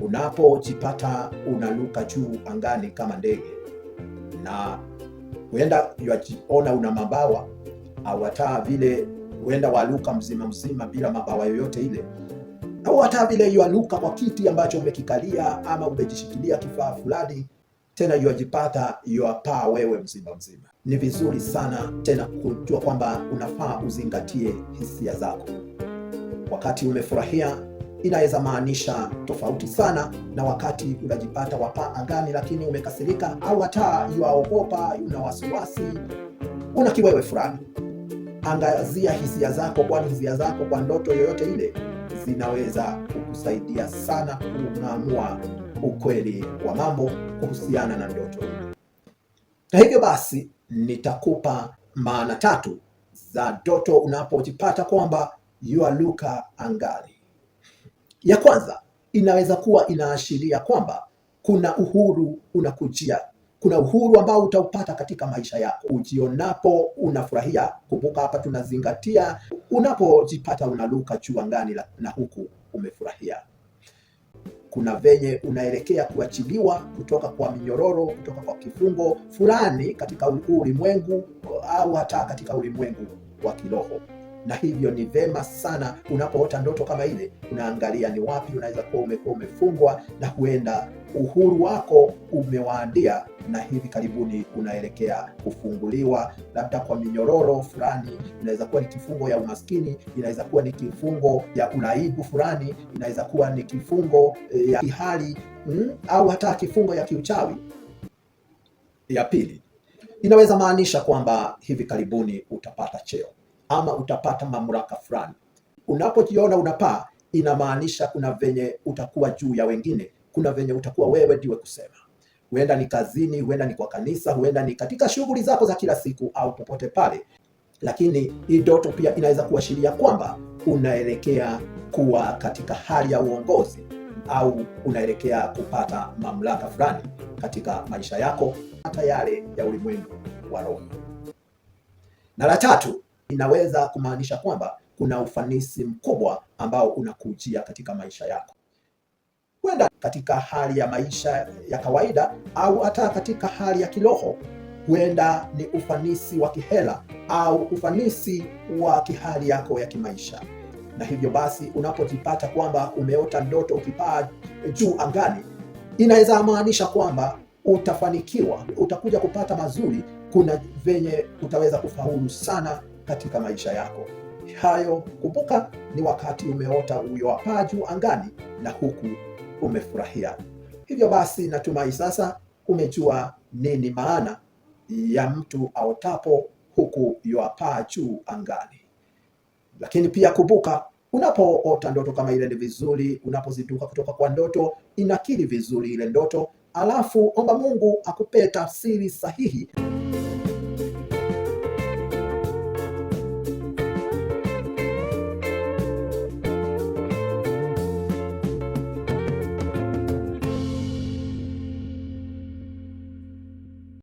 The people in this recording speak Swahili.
unapojipata unaluka juu angani kama ndege, na huenda yajiona una mabawa au hata vile huenda waluka mzima mzima bila mabawa yoyote ile, au hata vile yaluka kwa kiti ambacho umekikalia ama umejishikilia kifaa fulani, tena yajipata yapaa wewe mzima mzima. Ni vizuri sana tena kujua kwamba unafaa uzingatie hisia zako wakati umefurahia inaweza maanisha tofauti sana na wakati unajipata wapaa angani, lakini umekasirika au hata yuaogopa, una wasiwasi, una kiwewe fulani. Angazia hisia zako, kwani hisia zako kwa ndoto yoyote ile zinaweza kukusaidia sana kung'amua ukweli wa mambo kuhusiana na ndoto. Na hivyo basi nitakupa maana tatu za ndoto unapojipata kwamba yualuka angani. Ya kwanza inaweza kuwa inaashiria kwamba kuna uhuru unakujia, kuna uhuru ambao utaupata katika maisha yako ujionapo unafurahia. Kumbuka hapa tunazingatia unapojipata unaluka juu angani na huku umefurahia. Kuna venye unaelekea kuachiliwa kutoka kwa minyororo, kutoka kwa kifungo fulani katika ulimwengu au hata katika ulimwengu wa kiroho na hivyo ni vema sana unapoota ndoto kama ile, unaangalia ni wapi unaweza kuwa umekuwa umefungwa na huenda uhuru wako umewaandia na hivi karibuni unaelekea kufunguliwa, labda kwa minyororo fulani. Inaweza kuwa ni kifungo ya umaskini, inaweza kuwa ni kifungo ya uraibu fulani, inaweza kuwa ni kifungo eh, ya kihali mm, au hata kifungo ya kiuchawi. Ya pili inaweza maanisha kwamba hivi karibuni utapata cheo ama utapata mamlaka fulani. Unapojiona unapaa, inamaanisha kuna venye utakuwa juu ya wengine, kuna venye utakuwa wewe ndiwe kusema. Huenda ni kazini, huenda ni kwa kanisa, huenda ni katika shughuli zako za kila siku au popote pale. Lakini hii ndoto pia inaweza kuashiria kwamba unaelekea kuwa katika hali ya uongozi au unaelekea kupata mamlaka fulani katika maisha yako, hata yale ya ulimwengu wa roho. Na la tatu inaweza kumaanisha kwamba kuna ufanisi mkubwa ambao unakujia katika maisha yako, huenda katika hali ya maisha ya kawaida au hata katika hali ya kiroho. Huenda ni ufanisi wa kihela au ufanisi wa kihali yako ya kimaisha. Na hivyo basi, unapojipata kwamba umeota ndoto ukipaa juu angani, inaweza maanisha kwamba utafanikiwa, utakuja kupata mazuri, kuna venye utaweza kufaulu sana katika maisha yako. Hayo kumbuka, ni wakati umeota uyoapaa juu angani na huku umefurahia. Hivyo basi, natumai sasa umejua nini maana ya mtu aotapo huku yuapaa juu angani. Lakini pia kumbuka, unapoota ndoto kama ile, ni vizuri unapozinduka kutoka kwa ndoto, inakili vizuri ile ndoto, alafu omba Mungu akupe tafsiri sahihi.